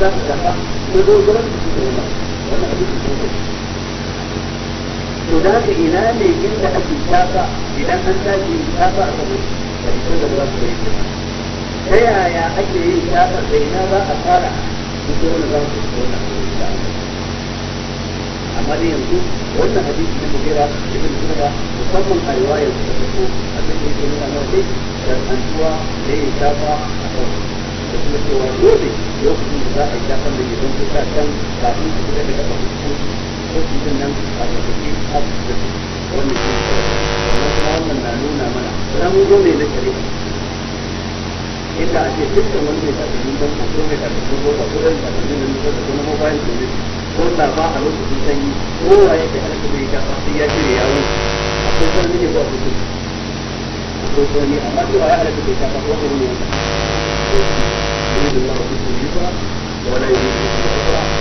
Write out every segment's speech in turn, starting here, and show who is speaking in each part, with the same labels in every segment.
Speaker 1: za su karɓa ne zo su ne ba wannan abin da ke to da haka ina ne inda ake shafa idan an tashi shafa a kamar da ita da za su yi ta yaya ake yin shafa da ina za a fara ita wani za su yi wannan amma dai yanzu wannan hadisi na mubira cikin sunna musamman a riwayar da ta ko abin da yake nuna mana dai da tsantuwa da ya shafa a kan da kuma cewa dole lokacin da za a yi dakan da gidan kusa can kafin su fita daga bakin ko su yi nan a tsakaki da su wannan shi wannan kuma wannan na nuna mana ramugo ne na shari'a inda a ce dukkan wani mai takalmin banko ko mai takalmin roba ko ɗan takalmin da nufar da kuma mobile domin ko da ba a lokacin sanyi kowa ya ke harkar da ya shafa sai ya shirya yawo akwai ko a kusur akwai sanyi amma duk a ya harkar da ya shafa ko a kusur
Speaker 2: ne
Speaker 1: يريد الله بكم اليسر ولا يريد بكم العسر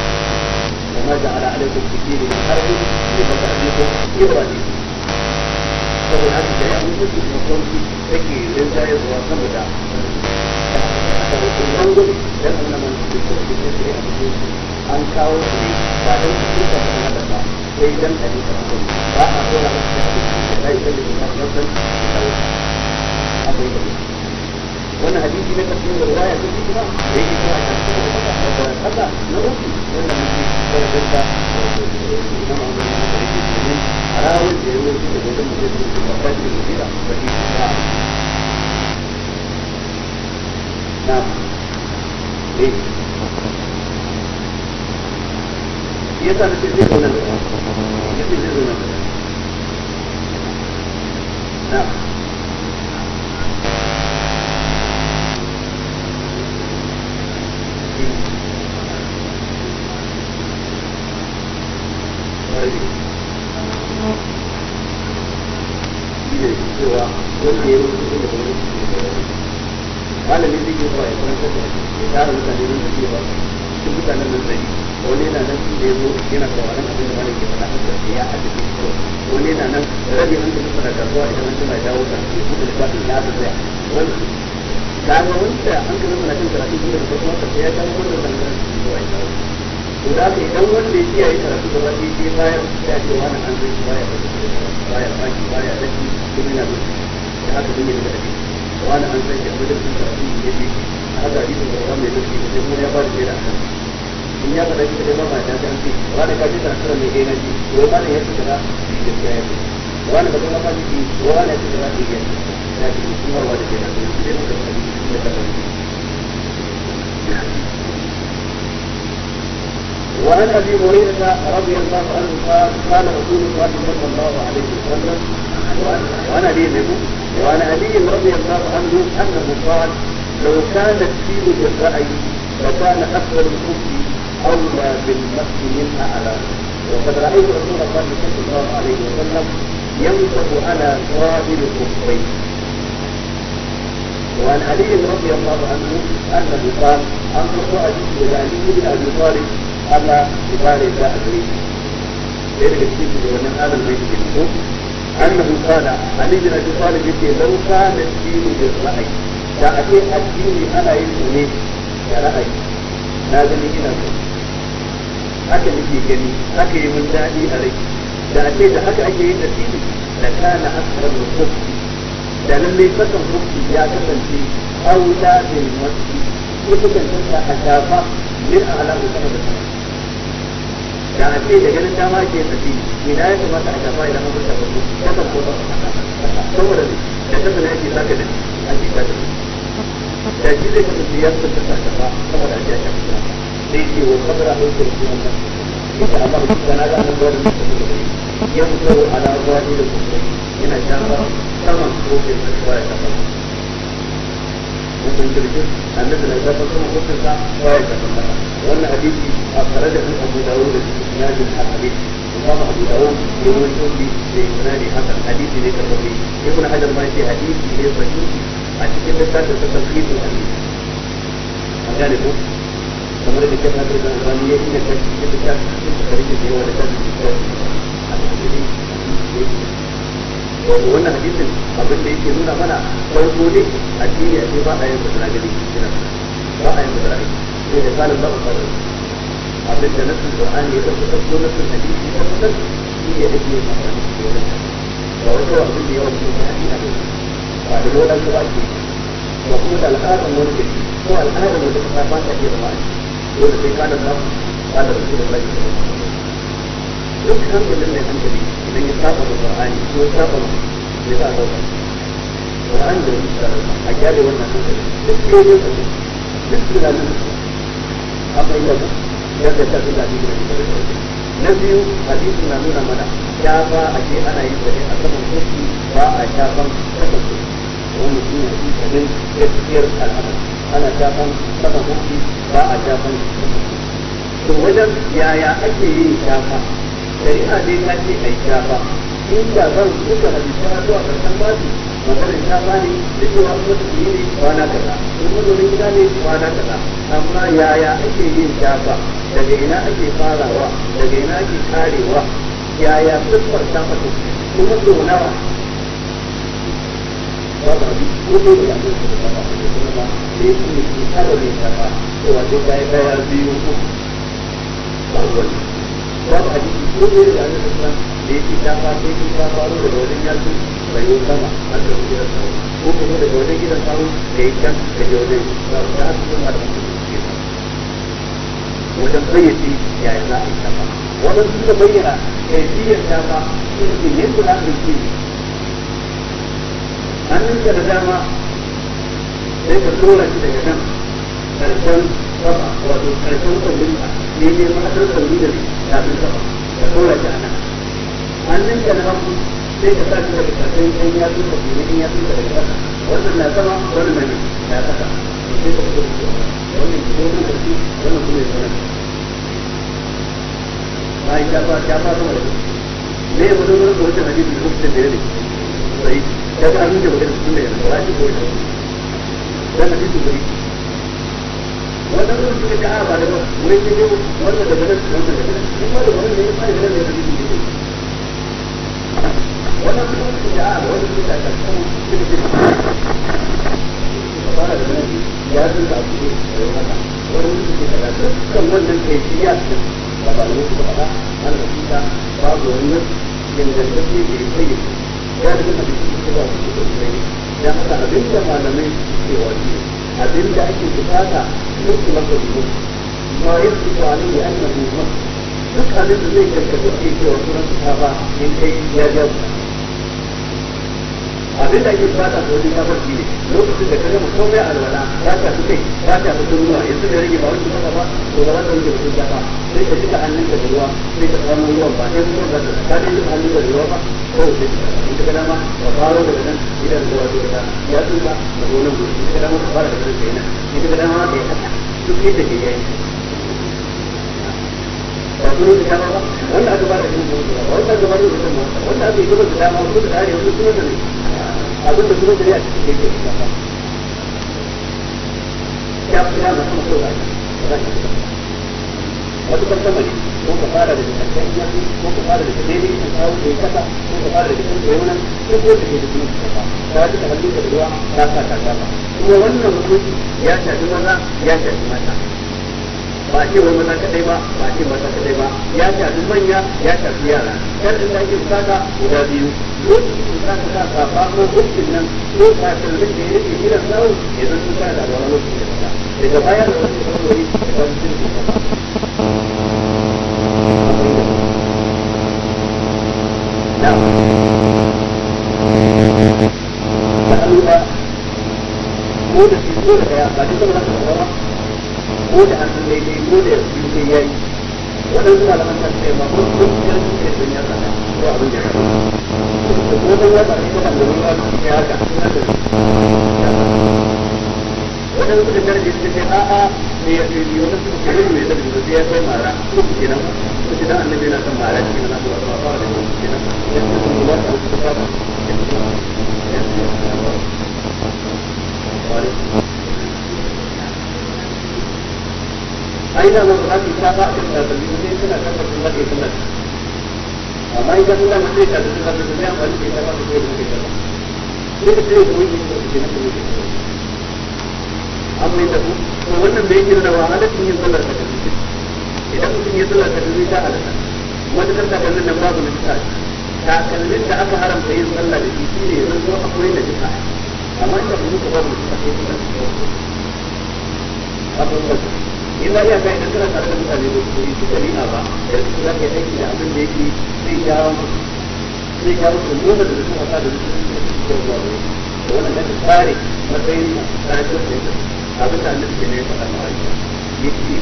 Speaker 1: وما جعل عليكم في الدين من حرج لتستعجلكم بإبراهيم saboda haka da ya mutu da sauki take yin zayar ruwa sama da an gudu dan Allah man su da su sai a cikin an kawo su ne ba dan su kuka da Allah ba sai dan a ji karatu ba a so na mutu da su وانا هديتي لك من الولاية تجي كده هيجي كده عشان كده هذا نروحي وانا مش ولا بنت انما انا حاول يروح كده ده مجرد وقت كده بس نعم ايه يسأل التجديد ولا لا؟ التجديد ولا لا؟ نعم baya faki baya zaki kuma yana da da haka mun yi da dake wani an sai ya mutum da shi ne bi haka yi da wani mai dake da kuma ya fara jira kan in ya fada shi da ba ma da kan shi wani ka ji tana mai gaina ji ko ba da yake da shi da ya yi wani ba kuma fadi shi wani ya tsira shi ya ya ji kuma wani da ya yi da da da وعن ابي هريره رضي الله عنه قال قال رسول الله صلى الله عليه وسلم وانا ابي وعن علي رضي الله عنه انه قال لو كان الدين بالراي لكان اكثر الكفر اولى بالنفس منها على وقد رايت رسول الله صلى الله عليه وسلم ينصب على قابل الكفرين وعن علي رضي الله عنه انه قال انصر اجد علي بن ابي طالب هذا مثال لا ادري لذلك الشيخ من هذا البيت في انه قال علي بن ابي طالب يقول لو كان الدين بالراي يعني الدين انا يسوني كراي هذا اللي هنا حكى لي جميل حكى من ذاتي علي يعني اذا حكى اي نسيم لكان اكثر من الصدق لأن اللي فتن ربي يا فتن في أولاد المسجد يفتن فتن حتى فقط من أعلى وسنة الحمد da a ce da ganin dama ke tafi ina ya kamata a shafa idan ta shafa ta kasan ko saboda ne da ta ya ke zaka da a ke zaka da shi zai kasance ya ta ta shafa saboda a ce a shafa ta sai ce wa kabara a ɗaukar su wannan ita amma da kuka na ga an ta su ya fito ala gwada da kuma yana shafa saman ko ke zaka ya shafa انت مدركين النبي اذا تصوم غسل فهي كفاره وانا حديثي اخرجه ابو داوود في اسناد الحديث وقام ابو داوود يروي لي باسناد حسن حديثي ليس صحيح ابن حجر ما يجي حديثي ليس صحيح عشان كده ساعه تلخيص الحديث هذا kamar da kan hadar da albani ya iya kan cikin da kan cikin da karfi da حديث da kan cikin da kan cikin da wato wannan hadisin abin da yake nuna mana farko ne addini a ce ba a yin fasara gani kina ba a yin fasara gani sai da kalin ba a fara abin da nasin qur'ani ya dauka dauko nasin hadisi da kusan shi ne ake yin fasara gani ba wani kawai abin da yawan ke hadisi a ba da lodan ba ke ba kuma da al'adar wani ke ko al'adar wani ta ba ta zama a dole sai kalin ba ba da rasulun ba ke dukkan wajen mai hankali idan ya saba da qur'ani ko saba da za a dauka qur'ani da a gyara wannan hankali duk ke da su duk tunanin su akwai da su yadda ta fi zaɓi da na biyu hadisi na nuna mana shafa a ce ana yin da a saman kofi ba a shafan kasa kofi wani shi ne hadisin gaskiyar al'amari ana shafan kasa kofi ba a shafan kasa kofi to wajen yaya ake yin shafa shari'a ne ta ce a yi shafa inda zan duka da bishara zuwa karshen basu maganin shafa ne da cewa an wata yi ne kwana kaza in mazonin gida ne kwana kaza amma yaya ake yin shafa daga ina ake farawa daga ina ake karewa yaya siffar shafa kuma so nawa babu abin ko ne da abin da a cikin kuma da ya kuma shi shafa ne shafa ko wajen kayan biyu ko ba wani ya da hadisi ko ne da annabi sallallahu da ya ta sai ki ta faro da wajen yaki bai sama har da wajen yaki ko kuma daga wajen gidan faro da ya can da ya wajen da haka kuma da wajen bayyace yaya za a yi ta ba wajen suka bayyana kaifiyar ta ba sun ce yadda za a yi hannunka da dama sai ka tsora shi daga nan karshen sama wato karshen kwallon ne ne ma'adar sauri da tafin sama da kora shi a nan hannun ka na hagu sai ka sa shi daga kafin ɗan yatsun ka ne ɗan yatsun ka daga ƙasa wannan na sama wannan na ne na ƙasa sai ka fito da shi wannan ki zo nan da shi wannan kuma ya zo nan bayan ta fara ta fara ne wani wani ko wancan hadisi da wancan da ne sai ta ga abin da wani da su ne da ko wani dan hadisi da wannan ruwan suka ga ba da wani ne ne wannan da ganin wannan da ganin shi ma da wani ne ba da ganin ne ne wannan ruwan suka ga ba wani suka ga kan suka ga ba da ganin ya zai ba su ne da yawa wani suka ga kan wannan kai shi ya su ba ba ne suka faɗa an da shi ta babu wannan dangantacce da ya kai ya da ganin da shi suka ba su ne da haka abin da malamai suke wani ne abin da ake bukata duk kuma da zuwa ma yake to alim ya annabi duk abin da zai karkata ke cewa sunan ta ba in kai ya jawo abin da ake bata da wajen kafirci ne lokacin da ka gama komai alwala ka shafi kai ka shafi kunnuwa yanzu da rage ba wani kuma ba to ba za ka rage mutum ba sai ka shiga hannun ka da ruwa sai ka samu ruwan ba sai kuma ka ka dai hannun ka ruwa ba ko sai in ka dama ka faro daga nan idan ruwa zai ka ya tsufa da gonan gobe in ka dama ka fara daga nan kenan in ka dama ka haka duk yadda ke yayi ba su ne ta ba wanda aka ba da kuma ba wanda aka ba da kuma wanda aka yi gaba da dama ko da arewa ko da ne abin da sunan shari'a cikin da yake cikin ba ya fi yana kuma so ba za ka fita wata kan sama ne ko ka fara da jikin yanzu ko ka fara da jikin ne ka kawo da kasa ko ka fara da jikin da yawan ko ko da ke da sunan kasa ta ji da hannun da ruwa ta sa ta kafa kuma wannan mutum ya shafi maza ya shafi mata ba ce wai maza kadai ba ba ce maza kadai ba ya shafi manya ya shafi yara kar in dake saka guda biyu lokacin da ka ka ba ko hukumin nan ko ka tarbi da yake gidan sau idan su ka da wani lokacin da daga baya da wani ta da wani ko da shi ko da an san daidai ko da yanzu sai ya yi waɗansu malaman kan sai ba ko ko ya su sai sun ya sana
Speaker 2: ko abin da ya ko ko dan ya ba ni kan da ruwa ya haka ina da waɗansu da karje suka ce a
Speaker 1: ne ya ce yi wani suka kare mai da su ya kai mara ko ke nan ko ke nan annabi na san mara cikin nan ba ba
Speaker 2: da ko ke nan ya ce ni ba ta ba ya ce ya ce
Speaker 1: ai da mun hadi ta ba ta da dalili ne suna kan sun hadi suna amma in ka tunda mutum da sun hadi suna ba ne ta ba ta da mutum da ne ka ce mun yi da shi na amma da ku to wannan da yake da wahala sun yin sallar ta idan mutum ya sallar ta dalili ta alaka matakar ta kallon nan babu nisa ta kallon da aka haramta yin sallah da shi shine yanzu akwai da duka amma inda ku ba mu ta kai da shi illa ya kai idan kana tare da mutane da su yi shari'a ba sai su za ka aiki da abin da yake zai jawo zai jawo su nuna da su wasa da su ke zuwa ne wannan da tsare matsayin rayuwar da yake abin da annabi ke ne faɗa ma aisha yake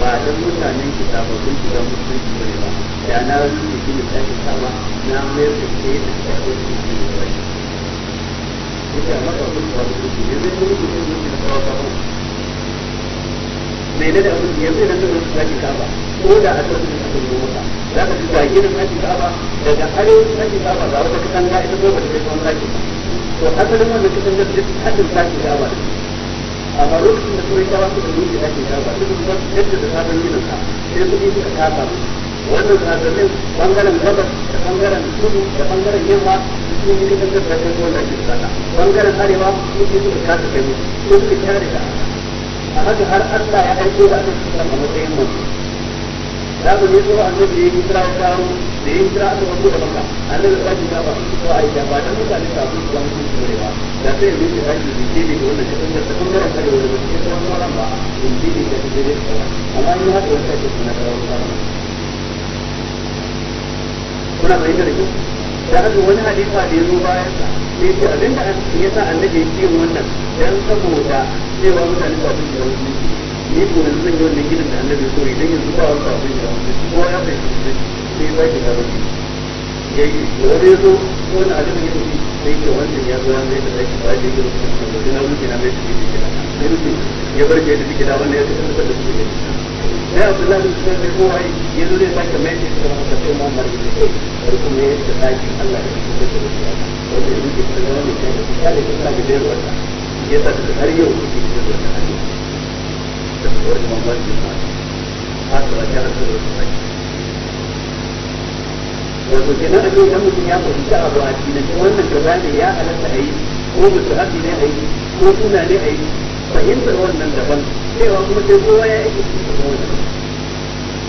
Speaker 1: ba dan mutanen ki ba kun ki ga musulunci ne ba da na rubuta ki da tsaki sama na mayar da ke da tsaki da ke da rai yake amma ba kun ne zai rubuta ki da tsaki sama mai da abin yanzu idan zai su zaki kaba ko da a tsarkin a tsarkin mota za ka ji ga gidan zaki kaba daga arewacin zaki kaba ga wata katanga ita ko ba ta kai kuma zaki to asalin wannan katangar duk hadin zaki kaba amma lokacin da turai kawa suka rufe zaki kaba duk da yadda da sabon ginin sa sai kuɗi suka kasa wannan zazzabin bangaren gabas da bangaren kudu da bangaren yamma sun yi katangar zaki kaba bangaren arewa sun yi suka kasa kai su suka kyare da annabi har Allah ya aiko da annabi sallallahu alaihi matsayin mutum da mu yi zuwa annabi ya yi kira karo da yin kira aka rabu da maka annabi ya ji ba ko ai da ba da mutane ka su ba su ne ba da sai mu yi aiki da ke da wannan cikin da cikin da ka da wannan cikin da wannan ba in ji da ke da amma ni haka wata ce na da wannan kuna bayyana da kyau da aka wani halifa da ya zo bayan sa ya ce abin da ya sa annabi ya ce wannan dan saboda cewa mutane ba su da wani ni ko yanzu zan yi wannan gidan da annabi so idan yanzu ba wani abin da wani ko ya bai shi sai ya sake karo shi ya yi wani ya zo wani abin da ya ce sai ke wannan ya zo ya mai da zaki ba da ya zo da na wuce na mai da shi ya bar ke da shi da wannan ya kasance da shi sai abdullahi bin sunan bin ruwai ya zo zai sake mai da kuma haka sai muhammad bin sunan da kuma ya ta sake allah ya shi da shi wanda ya rike ta zama mai kai da su kyale ta sake biyar wata ya sa ta har yau kuke biyar wata a ne da kuma wani ba bin sunan
Speaker 2: har da wata da wasu sake
Speaker 1: wato kenan a ce idan mutum ya fahimci abu a cikin wannan gaba ne ya halatta a yi ko mutu haɗi ne a yi ko suna ne a yi fahimtar wannan daban cewa kuma sai kowa ya aiki su da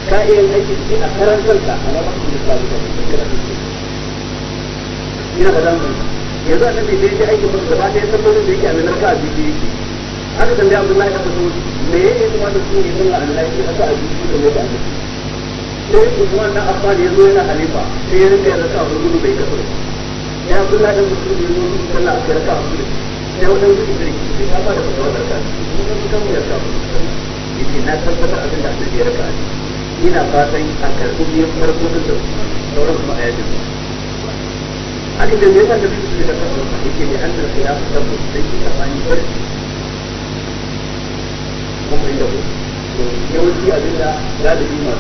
Speaker 1: ka iya aiki su a karan kanka a lamar da ta da ina ba zan yanzu a tafi da aiki ba gaba ta sabbin da yake a minar ka a biyu yake aka tambaya abdullahi da kaso me ya yi kuma da su ne sun la'an na a sa a biyu da mai da sai usman dan affan ya zo yana halifa sai ya rinka yana sa a gurgudu bai kaso ya abdullahi da kaso ne ya zo sallah a karka a sai wajen gudu da rikici ta ba na a karɓi biyan farko da kuma ya fitar da masu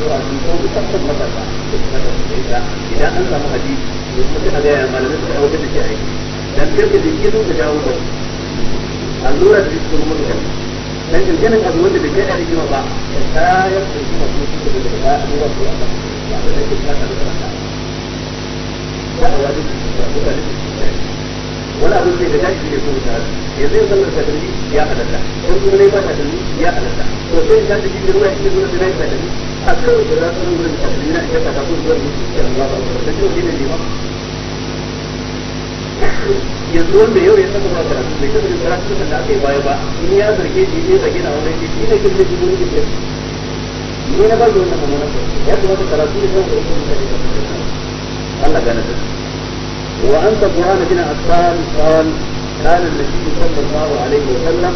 Speaker 1: wasu ko idan an samu hadisi da kuma ta gaya malamai su ɗaukar da ke aiki dan kai allura da jikin mutu kan dan kirkirin abu wanda bai kai da rigima ba ta yar da kuma su su da ta allura a ba da take ta ta ta ta ta wani wani abu sai da daji ne ko ta ya zai zama da tadiri ya halatta ko kuma ne ba tadiri ya halatta to sai da daji ne ruwa ya zama da tadiri a kan da za su rubuta tadiri na ya ta ta ko da yanzu wanda yau ya saka mana karatu bai saka karatu da aka yi baya ba in ya zarge shi ne zarge na wannan shi ne kin da jibin jibin ni na ba da wannan amana ya kamata karatu ne zan gurin mutane Allah gane ta wa anta qur'ana bin asfan qal kana an-nabi sallallahu alaihi wa sallam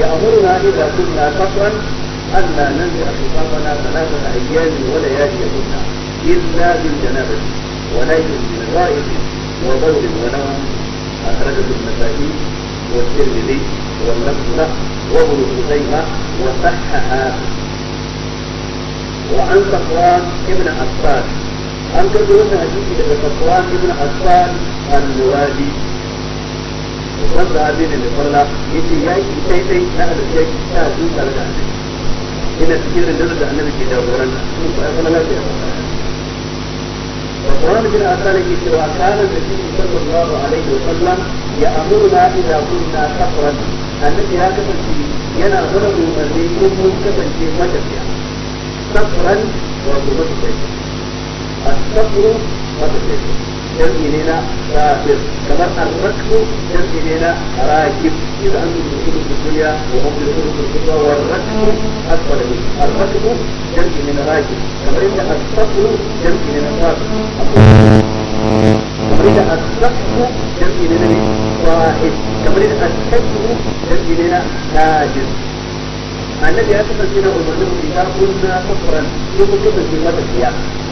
Speaker 1: ya'muruna idza kunna qatan an la nanzira khifafana thalathata ayyamin wa layaliyakunna illa bil janabati wa la yusil ra'idin وبول المنام أخرجه النسائي والترمذي واللفظ وابن خزيمة وصححها وعن صفوان ابن أسفار أن تقول حديث إلى صفوان ابن أسفار الموالي wanda abin da farla yace yaki sai sai na alƙiyar ta duka da annabi ina cikin rundunar da annabi ke لا sun fara lafiya وقال بن عسان يقول كان النبي صلى الله عليه وسلم يأمرنا إذا كنا سفرا النبي هكذا ينا غرب من يكون كفنتي مجلسيا سفرا ومجلسيا السفر مجلسيا jam'i ne na rafir kamar arrakbu jam'i ne na rakib إذا أنتم تدخلوا في الدنيا وهم يدخلوا في الكبرى والركب أكبر منه الركب جمع من راكب كما إن الصقل جمع من راكب كما
Speaker 2: إن
Speaker 1: الصقل جمع من راحب كما إن الكسر جمع من هاجر الذي أسفل فينا أمرنا إذا كنا كفرا يقول كفر في مدى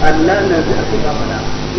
Speaker 1: أن لا نزع في أمنا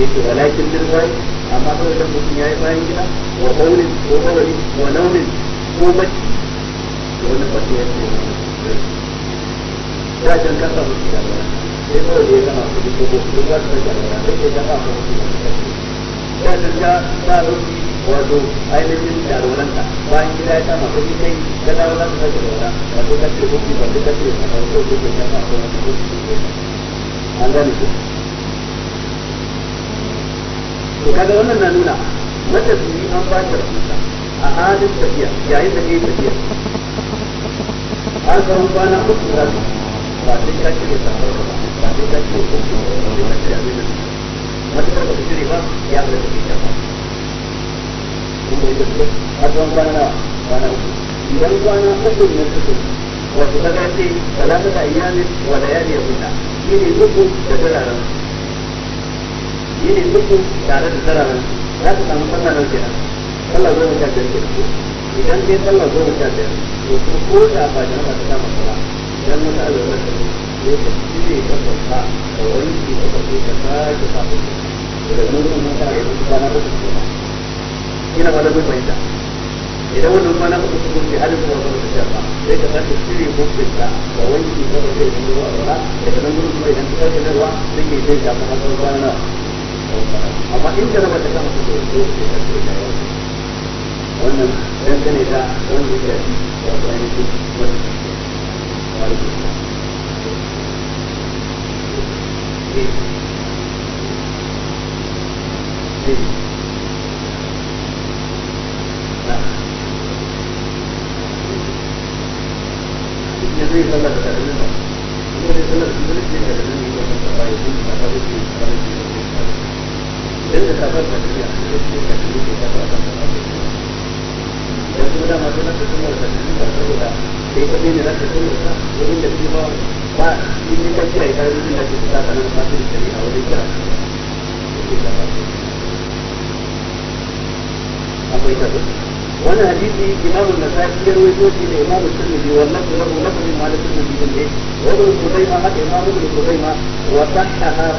Speaker 1: yake walakin din amma kawai da mutum yi bayan gida wa ƙaunin ko qawli wa launin ko mace to wannan fata ya jan kasa mutum ya sai kawai da ya gama su duk ko ko za su da ya sai ya gama su ya jan ja ba rufi wato ainihin jarumanta bayan gida ya kama ko kai ka dawo za ka sake da wato ka ce ko ki ba ka ce ka ko ko ka ta ko ko an gane to kaga wannan na nuna yi an ba shi rahusa a halin tafiya yayin da kai tafiya har karon kwana uku za su ba sai ka cire safar ba ba sai ka cire kofi ba sai ka cire abin da matakar ba ka cire ba ya ga da kake ba kuma yadda su har karon kwana kwana uku idan kwana uku ne suka wato kaga sai talata da iyamin wa da yadi ya kunna shi ne uku da turaren shi ne uku tare da tara nan za ka samu sallah nan kenan sallah goma sha biyar kenan idan dai sallah goma sha biyar to kuma ko da ba da ba ta kama sala idan wata alwala na ne ne ka cire ta babba ka wanke ta babba ka sake sa ta ce daga nan gudun mata ya na kwana uku kenan ina ba da bai fahimta idan wannan kwana uku su kuma bai halin kuma ba ta ce ba sai ka sake cire hukun ta ka wanke ta ka ya zuci kwana uku daga nan gudun kuma idan ka sake narwa sai ke zai shafa hasar kwana nawa apa ini cara baca kamu itu itu tidak percaya karena yang kena dah dan juga
Speaker 2: yang lain itu buat lagi ini
Speaker 1: ini nah ini yang وانا حديثي امام النسائي يروي توفي لامام الترمذي واللفظ له لفظ مع الترمذي وابن خزيمه حتى امام ابن خزيمه وصححه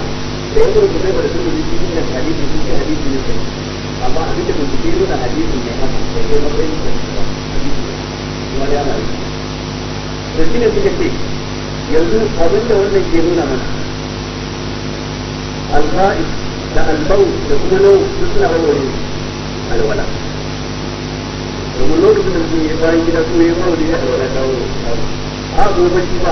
Speaker 1: da yanzu rubutai ba da sun rubuta cikin hadisi sun ce hadisi ne kai amma abin da bincike nuna hadisi ne haka sai dai matsayin da kuma da ana rubuta to shi ne suka ce yanzu abin da wannan ke nuna mana al-ra'is da al-baw da kuma nau duk suna warware alwala domin lokacin da mutum ya bayan gida kuma ya warware alwala ta a gobe shi ba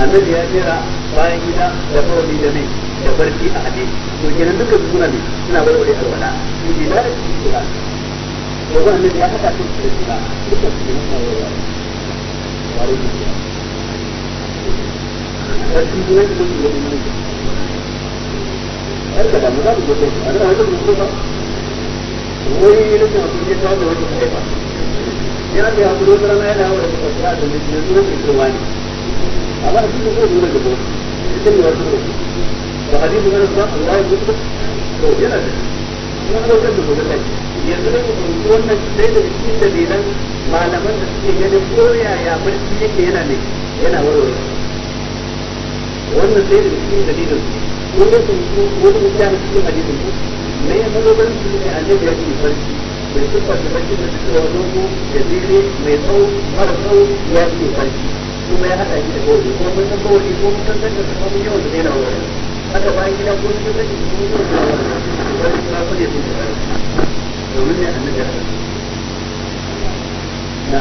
Speaker 1: annabi ya jera bayan gida da farali da mai da barci a hade to kenan duka su suna ne suna warware alwala in ji da su suna to ba annabi ya hada su da duka su ne suna warware ware ne barci ne ne ne ne ne har da mu da mu da ana da mu da wani ne da mutum ya tawo da wani kai ba ya ga ya kuro rana yana wa da ta da ne ne ne ne ne amma a cikin zai nuna gaba cikin da wasu rufi ba hadisi na rasu ba ya gudu to yana da kuma ɗaukar da gobe kai yanzu ne mu ɗauki wannan ɗaya daga cikin dalilan malaman da suke ganin ko yaya barci yake yana ne yana warware wannan ɗaya daga cikin dalilin ko da sun ko ko da mutane cikin hadisin ko me ya zama barci ne annabi ya ce barci bai tuffar da barci da cewa dogo da zire mai tsawo mara tsawo ya ce barci kuma ya haɗa shi da kawai kuma mun san kawai ko mun san da kuma yawan da zai na wani haka bayan gida ko mun san da kuma yawan da zai na wani kuma ko da yake da domin ne annabi ya na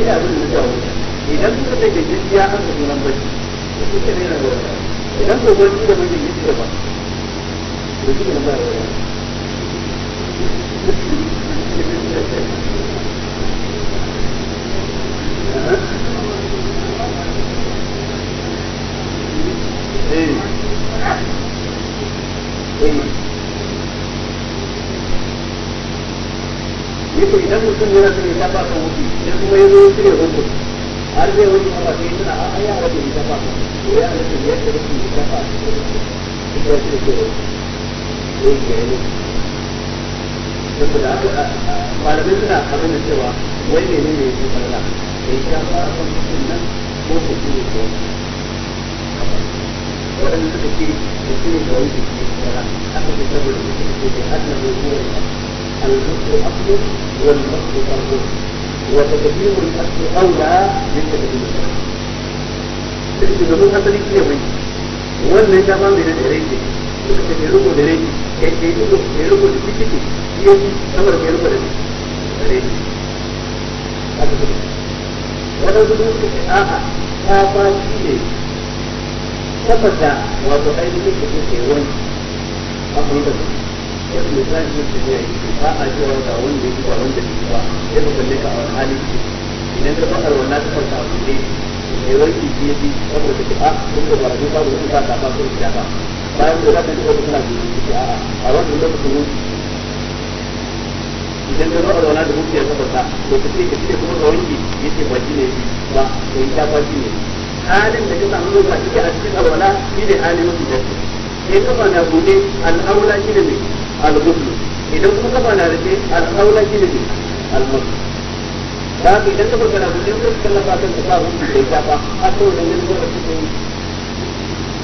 Speaker 1: ina abin da zai idan kuka da gajiya an ka sunan bacci kuka da yana wani idan ko bacci da mun gajiya ba to shi ne ba wani idan mutum yana son ya tafa kan wuce sai kuma ya zo ya cire hukun har zai wuce kuma sai yi tuna a ya wace ya tafa kan to ya halatta ya ce rukun ya tafa a cikin wuce duk ya cire ke wuce ya yi saboda haka malamai suna abin da cewa wai ne ne ne ya fi farla ya a kan mutum nan ko ko shi ne ko waɗanda suka ce mutum ne da wani jiki ya fara aka ce saboda mutum ne da hannun ruwan المسك اصله والمسك فرضه وتكبير الاصل اولى من تكبير الفرض domin asali shi ne mai wannan ya ba mai da rai ne suka ce mai riko da rai ya ce mai riko da tikiti shi ya ci kamar mai riko da rai waɗansu sun ce a'a ta ba shi ne tabbata wato ainihin da ke wani a kuma yanzu misali yin tafiya yi ba a cewa ga wanda yake ba wanda yake ba sai ka kalle ka a wani hali ke idan ka fasar wannan ta farka a kulle mai wanki ke bi saboda ka a kun da ba su ba ka ta ba su ta ba bayan da za ka ji wani kana da yake a a wannan lokacin idan ka zo a zauna da mutum ya to ka ce ka ce kuma ka wanke yace ba shi ne ba to in ta fashi ne halin da ka samu lokaci a cikin alwala shi ne halin mutum da ke kafa na bude al'aula shi ne mai al-ghusl idan kuma kafa na rufe al-aula shine ne al-ghusl da haka idan ka na ka kallafa kan ka hukunci da fa a da dan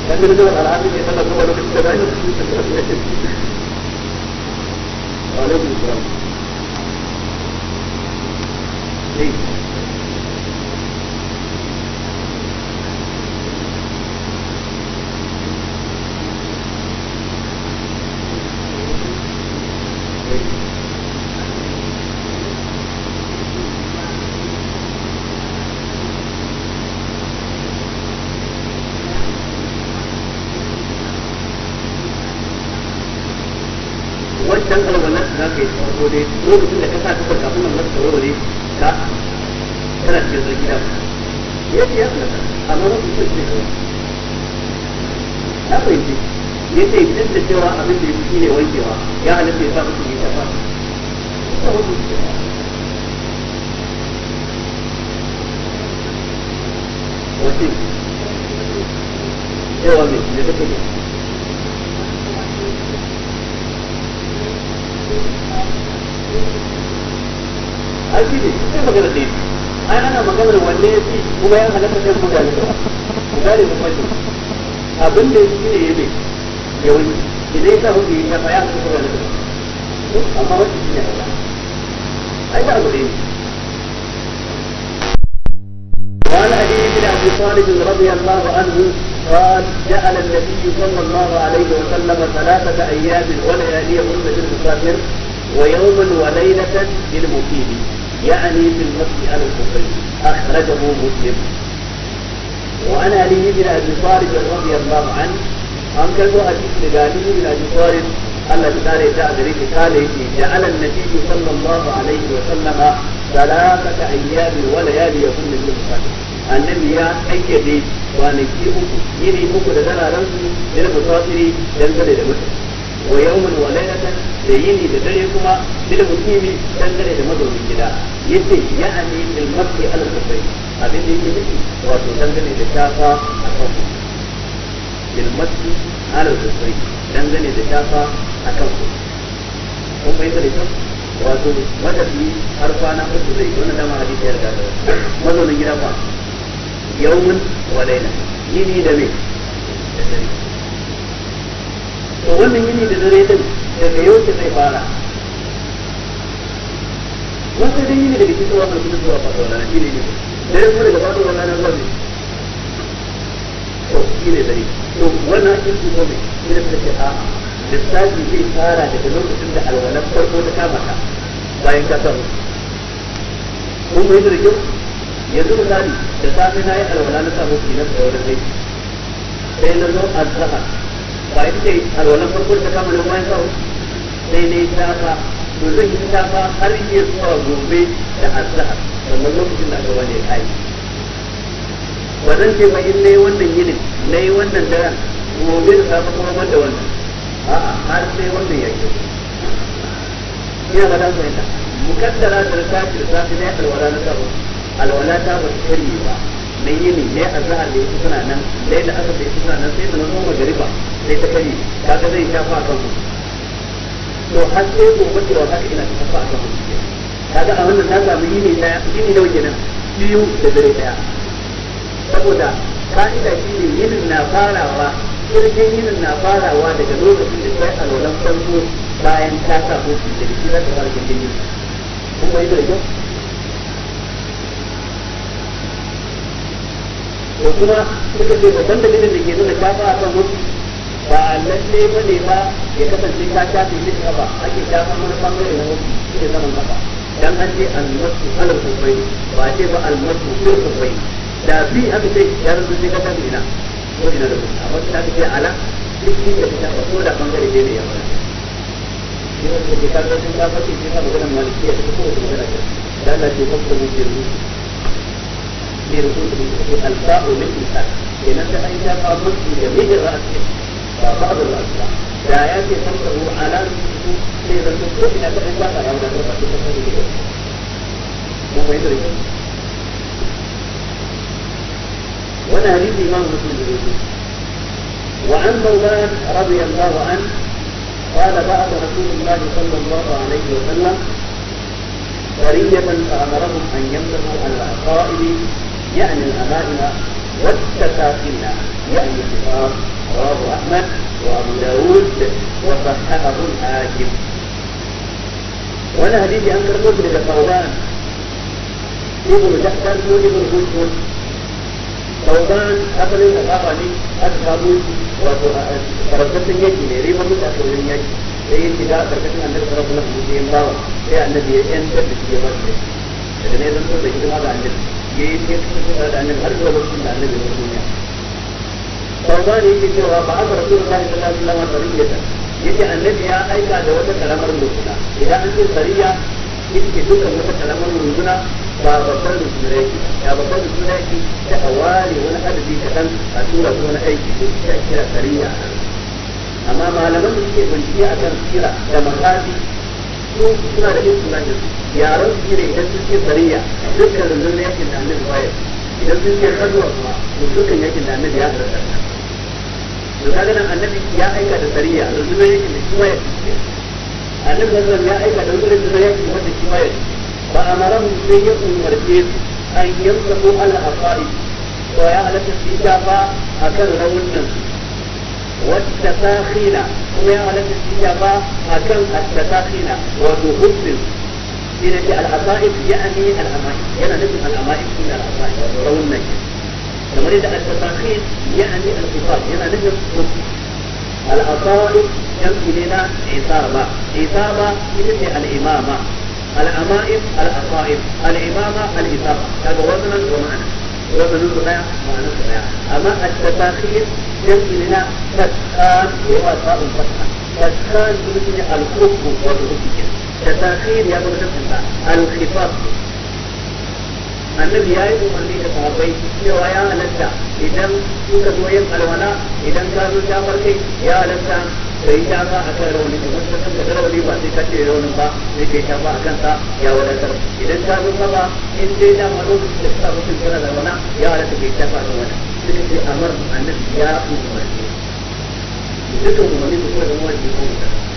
Speaker 1: da ne da alaikum assalam lokacin da ka sa tukar kafin nan masu warware ka kana cikin sarki da ya ce ya halatta amma na kusa shi ne kawai na fahimci ya ce duk da cewa abin da ya fi ne wankewa ya halitta ya sa mutum ya shafa ya sa mutum ya wasu
Speaker 2: yawa mai da take ne
Speaker 1: a shi ne sai magana da ai ana maganar wanne ya fi kuma ya halatta sai kuma gane ku gane mu mace abin da shi ne yabe ya wuce idan ya sa hudu ya fa ya halatta gane ku amma wacce shi ne halatta ai da abu da yake قال علي بن ابي طالب رضي الله عنه قال جعل النبي صلى الله عليه وسلم ثلاثه ايام ولياليهن للمسافر ويوما وليلة للمقيم يعني في المسجد الكفري أخرجه مسلم وأنا علي بن أبي طالب رضي الله عنه أنكر أبي أجد بن أبي طالب الذي كان يتعذر في جعل النبي صلى الله عليه وسلم ثلاثة أيام وليالي يكون للمسجد النبي أكد وأنكيه يلي مكر ذلك من للمسافر ينزل إلى مسجد wa yawmun wa laylatan da yini da dare kuma bil muslimi dangane da mazaunin gida yace ya'ani bil masjid al kafai abin da yake nufi wato dangane da shafa a kan bil masjid al kafai dangane da shafa a kan kun fahimta da kyau wato matafi har kwana uku zai wannan dama hadisi ya riga da mazaunin gida fa yawmun wa laylatan yini da me da dare to wannan yini da dare din daga yau ce zai fara wannan dai yini daga cikin wannan kudin zuwa faɗo rana shi ne dare kuma daga faɗo rana zuwa ne to shi ne dare to wannan ake su ne shi ne suka a a'a lissafi zai fara daga lokacin da alwalar farko ta kama ka bayan ka samu kun bai da kyau yanzu misali da safe na yi alwala na samu kinan da wajen aiki sai na zo azhar ba ita ce alwalan farko da kama da bayan sau sai ne ta fa to zan yi ta fa har iya zuwa gobe da azhar sannan lokacin da aka wani ya kai ba zan ce ba in nayi wannan yinin nayi wannan daren gobe da safe kuma wanda wannan a'a har sai wannan ya ke ina ba dan fahimta mukaddara da ta ce ta ce ne alwala na sabo alwala ta ba karye ba na yini ne azhar da yake suna nan dai da aka bai suna nan sai da nan magariba sai ta fari ga zai shafa a kan to har sai gobe da wata ina ta shafa a kan kaga a wannan ta samu yini daya ne dauke nan biyu da dare daya saboda ka'ida shi ne yinin na farawa kirgin yinin na farawa daga lokacin da sai alwalan farko bayan ta sa su da shi za ta fara kirgin yinin kun bai da kyau ko kuma suka ce babban dalilin da ke nuna shafa a kan wasu ba lalle ba ne ba ya kasance ka shafe shi da ba ake shafa mana bangare na wasu shi ne zaman kafa dan an ce almasu alal kufai ba ce ba almasu fil kufai da bi aka ce ya rubu sai ka shafe ina ko ina da kuma amma ta ce ala duk shi da ta ko da bangare ne ya fara shi ne ke kan da ta ba ce ta magana malikiya ta ko ta magana ta dan da ce ko ko ne ne ko alfa'u lil insan kenan da ai ta fa mutum da mai da ra'ayi بعض الأشياء لا يأتي خمسه على إذا الدكتور إلى كل واحد أو إلى كل واحد مو يدرك وانا هديث الإمام مسلم وعن مولان رضي الله عنه قال بعث رسول الله صلى الله عليه وسلم سرية فأمرهم أن يملكوا العقائد يعني الأمائن والتكافين يعني الكفار وابو احمد وابو داود وصححه الحاكم ولا حديث عن المبن لقوبان ابن جحفر بن ابن هدهد قوبان اقل الاقل اذهب وتركت يدي ريما متاخر من يدي اي انتباه تركت ان تركت لك في انبار اي ان الذي ينسى في رجل لكن هذا الرجل يجب هذا عن جد يجب هذا عن الهرب والرسول عن النبي والرسول da yake cewa ba aka rasu da sallallahu alaihi wasallam sariyata yake annabi ya aika da wata kalamar rubuna idan an ce sariya yake duka wata kalamar rubuna ba babban rubuna yake ya babban rubuna yake da ware wani adadi kaɗan a tura ko wani aiki da shi ake kira sariya amma malaman da suke bincike kan sira da makasi su suna da irin sunan yaron su ne idan su ce sariya dukkan rundunar yakin da annabi bayar idan sun ce kazuwa kuma dukkan yakin da annabi ya karanta to kaga nan annabi ya aika da sariya rundunar yakin da kuma annabi sallallahu ya aika da rundunar yakin wanda shi ma yake fa amarahu sai ya umarce an yanzu al-aqaid to ya halatta su yi shafa akan rawunan su والتساخين ويا على السياقة أكل التساخين وتهب إن العصائب يعني الأمائم يعني نسم الأمائم من العصائب ولو النجم نريد التفاخير يعني الخطاب يعني نجم الأصائب جمع لنا عصابة عصابة مثل الإمامة الأمائم الأصائب الإمامة الإصابة هذا وزنا ومعنى وزن ضياع معنى ضياع أما التفاخير جمع لنا تسخان وأصاب الفتحة تسخان مثل الكف والركب تفاخير يا ابن الخطاب annabi ya yi umarni da sahabbai cewa ya halatta idan suka zo yin alwala idan ka zo shafar kai ya halatta da yi shafa a kan rauni idan ka san ka rauni ba sai ka ce raunin ba sai ke yi shafa a kansa ya wadatar idan ka zo ba in dai da lokacin da suka mutum kana da wana ya halatta ka yi shafa a kan wani suka ce amar annabi ya umarni dukkan umarni da kuma da mawajen kuma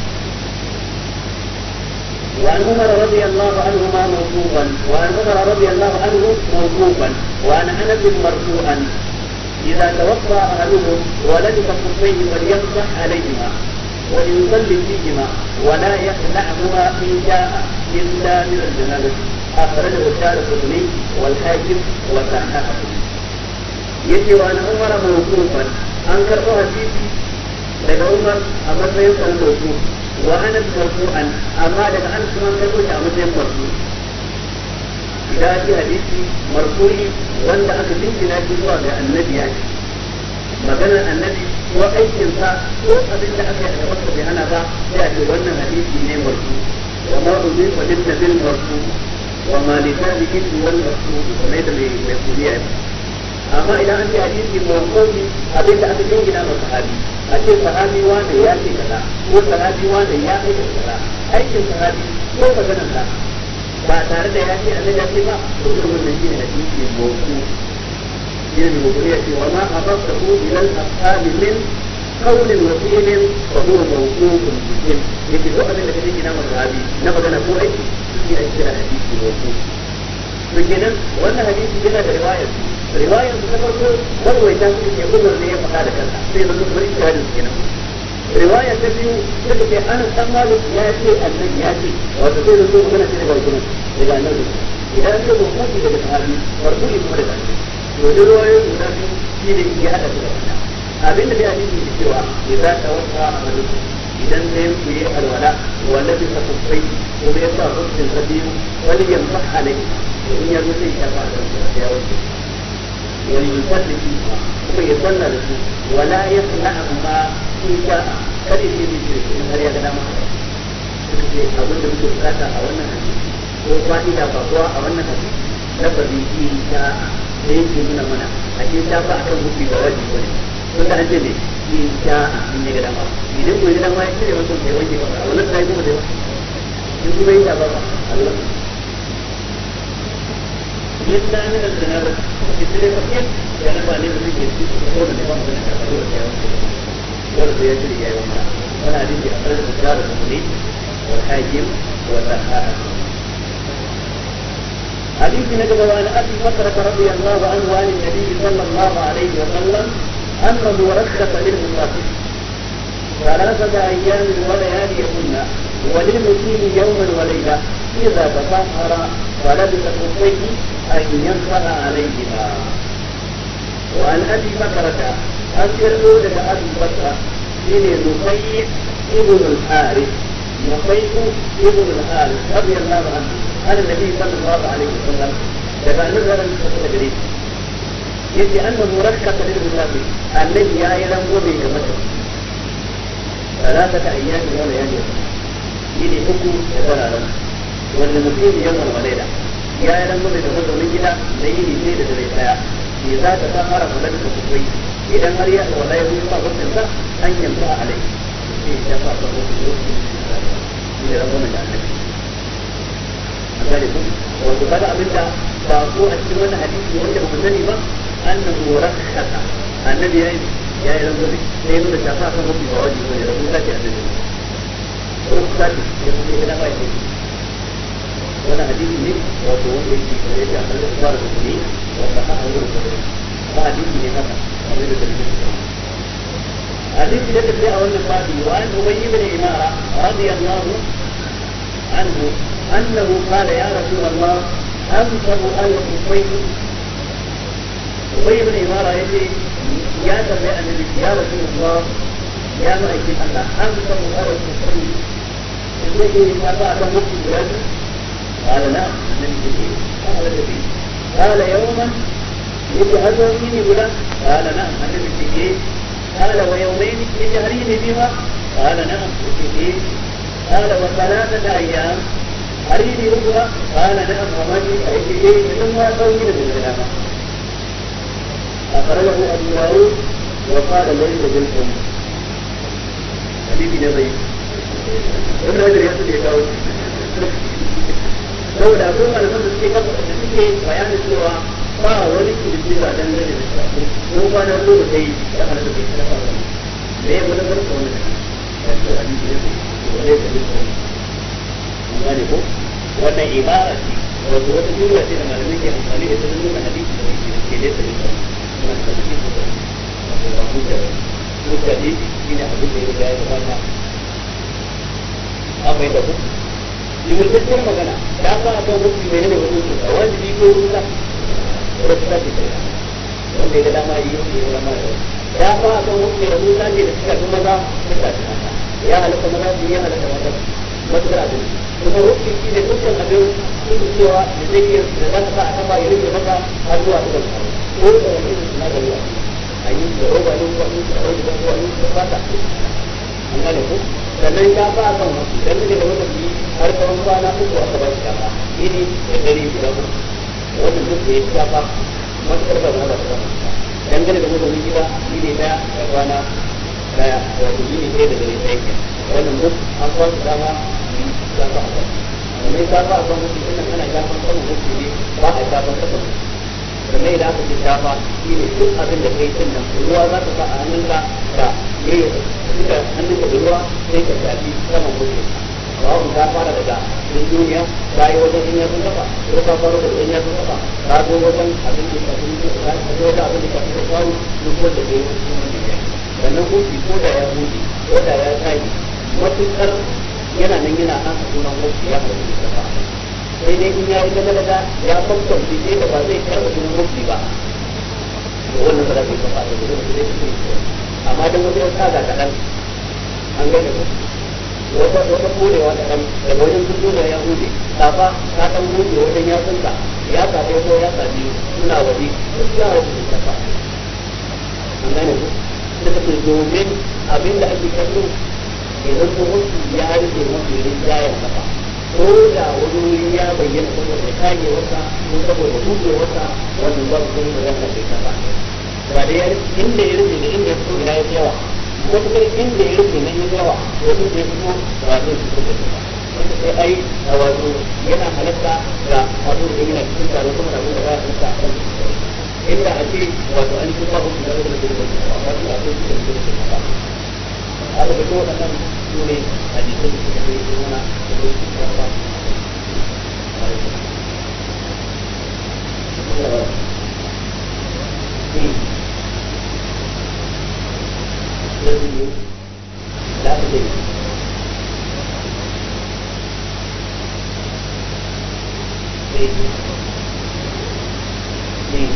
Speaker 1: وعن عمر رضي الله عنهما موقوفا وعن عمر رضي الله عنه موقوفا وعن انس مرفوعا اذا توفى اهله ولبس خفيه وليمسح عليهما وليصلي فيهما ولا يخلعهما ان جاء الا من الجنابه اخرجه الدار القطني والحاكم وصححه يجي وعن عمر موقوفا انكر حديثي لان عمر امر matsayin موقوف wa anas marfu'an amma daga an kuma kai ko a matsayin marfu da shi hadisi marfu'i wanda aka dingina shi zuwa ga annabi ya ce maganar annabi ko aikinsa ko abin da aka yi a wata bai hana ba sai a ce wannan hadisi ne marfu wa ma uzi fa dinna bil marfu wa ma li tabi'in wal marfu kuma da mai mai kuriya amma idan an ce hadisi marfu abin da aka dingina masa hadisi a ce sahabi wane ya ce kaza ko sahabi wane ya aikata kaza aikin sahabi ko maganar da ba tare da ya ce annabi ya ce ba to irin wannan shine hadisi mawqu yana mawqu ya ce wa ma afasahu ila al-ashabi min قول وقيل وهو موقوف بهم yake duk abin da kake kina sahabi na magana ko aiki shi ake kira hadisi mawqu to kenan wannan hadisi yana da riwayar riwayar ta farko marwaita suka ce umar ne ya faɗa da kansa sai zama kuma ijtihadin su kenan riwaya ta biyu suka ce anas dan malik ya ce annabi ya ce wato sai zama magana ce daga kuma daga annabi idan ka zo mutu daga sahabi marfu'i kuma daga annabi to da riwayoyin guda biyu shi ne ya hada su da wannan abin da ya hadisi ne cewa idan ka wasa a wani idan ne ku yi alwala wa labi ka kufai kuma ya sa rukun ta biyu wani yamsa alai in ya zo sai ya fara da ya wuce ويصلي فيه ويصلى له ولا يصنع ما إن شاء kada ya yi shi in har abin da muke bukata a wannan hadisi ko fa'ida ba kuwa a wannan hadisi lafazi in sha'a da yake nuna mana a in ta ba akan mutu ba wajibi ne ko da an ne in sha'a in ya ga dama idan ko ya ga dama ya ce ne mutum bai wanke ba a wannan sai kuma da in kuma ya ba ba Allah يمنع من الجنابة يصير يفكر يعني ما نبغي يصير يقول من يوم من يقول يجري يا يوم وانا اريد اخرج مقدار المريد والحاكم والرحاء حديث نجد وعن ابي بكرة رضي الله عنه وعن النبي صلى الله عليه وسلم انه رخص للمقاتل ثلاثة ايام ولياليهن وللمقيم يوما وليلة اذا تطهر فلبث الطفيل أن يقرأ عليهما وعن أبي بكرة أن يرجو أبي بكرة إن نقيب ابن الحارث نقيب ابن الحارث رضي الله عنه عن النبي صلى الله عليه وسلم لما نزل من النبي يجي أنه ركب للمنافق الذي يا إلى وبي كمثل ثلاثة أيام وليالي يجي حكم يتلى wanda mutum ya kan walaida ya yi rangon da mazaunin gida da yi ne da dare daya me za ka ta fara kula da kusurwai idan har ya alwala ya wuce ba wasan sa an yanzu a alai sai ya fa ba wasu lokacin da rangon da annabi a gane ku wato kada abinda ba ko a cikin wannan hadisi wanda ba mu sani ba annabi murakkata annabi ya yi ya yi rangon sai nuna shafa kan mafi ba wajibi ne da kuma kace annabi ko kace ya kuma ya da ba ya wani hadisi ne wato wanda yake kare da Allah ta da musulmi wanda aka yi da ba hadisi ne haka wanda da dalilin hadisi da tafiya a wannan fati wa an ubayyi bin imara radiyallahu anhu annahu qala ya rasul Allah anfaru al ubayyi ubayyi bin imara yace ya tambaye annabi ya rasul Allah ya ma'aikin Allah anfaru al ubayyi yace ya ba ta mutum da قال نعم من جديد قال جديد قال يوما يجي يجهزوني بلا قال نعم أنا جديد قال ويومين يجهريني بها قال نعم جديد قال وثلاثة أيام أريني أخرى قال نعم جديد أيديه ثم من بالقيامة أخرجه أبو داود وقال ليس بالحمى حبيبي نظيف ابن أجر يصل يقول saboda akwai malaman da suke kafa da suke bayanin cewa ba wani kilifi ba dan da ko ba na goma sai da har da bai tsara ba me ya wani barka wani ya ce wani ne wani da ne ko gane ko wannan ibara ce wato wata jumla ce da malamai ke amfani da ta nuna hadisi da ke da ta nuna wannan da ke da wato ba ku da mutane shi ne abin da ya ga ya zama akwai da ku ingantacciyar magana da aka a kan rufi mai nuna wajen su wanda bi ko rusa rufi ta ce kai wanda ya dama yi yau ya rama da ya fa kan rufi da rusa ne da suka fi maza suka fi mata ya halatta maza su ya halatta mata matukar abin kuma rufi shi ne dukkan abin sun cewa da zai iya da za ka sa a kafa ya rufe maka har zuwa su gaba ko da wani irin suna da ruwa a yi da roba ne ko a yi da roba ne ko a yi da fata an gane ko sannan ya ba a kan wasu dan da wata bi har tsawon kwana uku aka ba shi kafa ini da dare guda uku wannan duk da ya ci kafa matuƙar ba za ta kafa da wata wiki ba ini da kwana daya wato ini ɗaya da dare ɗaya ke wannan duk an ba su dama yi kafa a kan sannan kafa a kan wasu ina ana kafan kan wasu ne ba a kafan kafa sannan idan aka ci kafa shi ne duk abin da kai cin nan ruwa za ka sa a hannunka da eh duka hannun da ruwa sai ka shafi saman mutum babu ta fara daga sun duniya ta yi wajen in yasun kafa ko ta faro daga in yasun kafa ta zo wajen abin da ka fi ta zo wajen abin da ka fi faru duk wanda bai yi sun duniya sannan kofi ko da ya buɗe ko da ya tsage matuƙar yana nan yana kan sunan kofi ya fi da kafa sai dai in ya yi gama daga ya kwakwanci sai da ba zai karɓa sunan kofi ba wannan ba za ka yi kafa da zai yi zai amma dan wani wata ga kaɗan an ga da wata wata korewa kaɗan da wajen sun dole ya hude fa ta ɗan hude wajen ya tsinka ya ta ɗaya ko ya sa biyu suna waje suna waje da safa an gane ku suka ce domin abin da ake kallo idan ko wasu ya rike mafi rinjayen safa ko da wani wuri ya bayyana saboda kage wata ko saboda hude wata wannan babu kuma da zaka ce safa gaba da inda ya rufe da inda ya fito ina ya fi yawa wata ya ya ya ya yana halatta da yana cikin da abin da ba a tsaka a da da da da amma da
Speaker 2: akwai Thank you. brasileiro da pandemia. Medo. Medo.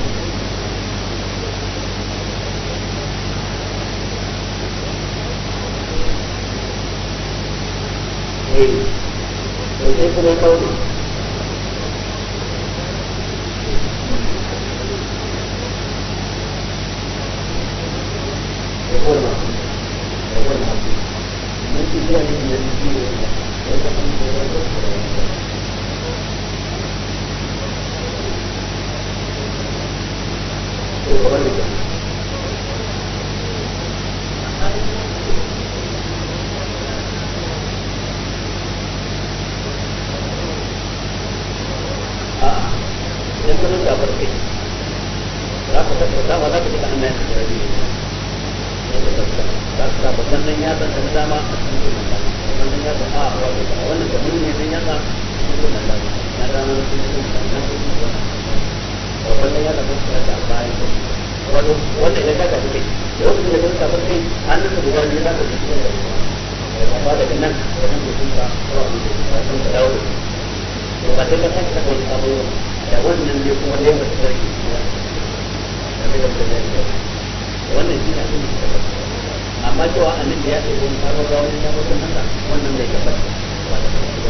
Speaker 1: Medo. Eu saba wannan ya san kan dama a cikin wannan ya san a wannan da mun ne nan ya san wannan da na ranar sun yi wannan wannan ya san kan da bayan wannan idan ka kafa kai da ka kafa kai an nan da guda ne za ka ji amma daga nan wannan da sun ka zuwa ne da sun ka dawo to ba sai ka sake kafa wani abu da wannan ne kuma da yawa da wannan shi ne a da ka amma cewa annan da ya ce wani sabo ga wani sabo kan haka wannan bai tabbata ba da kuma ba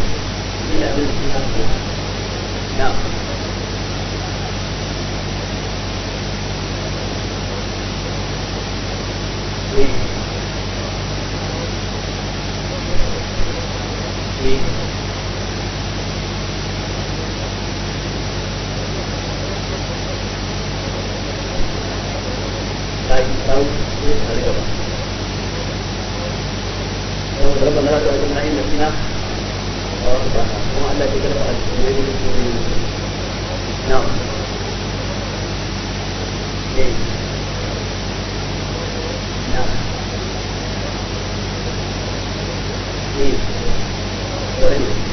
Speaker 2: ni da abin da ke na Thank eh. you. করেনি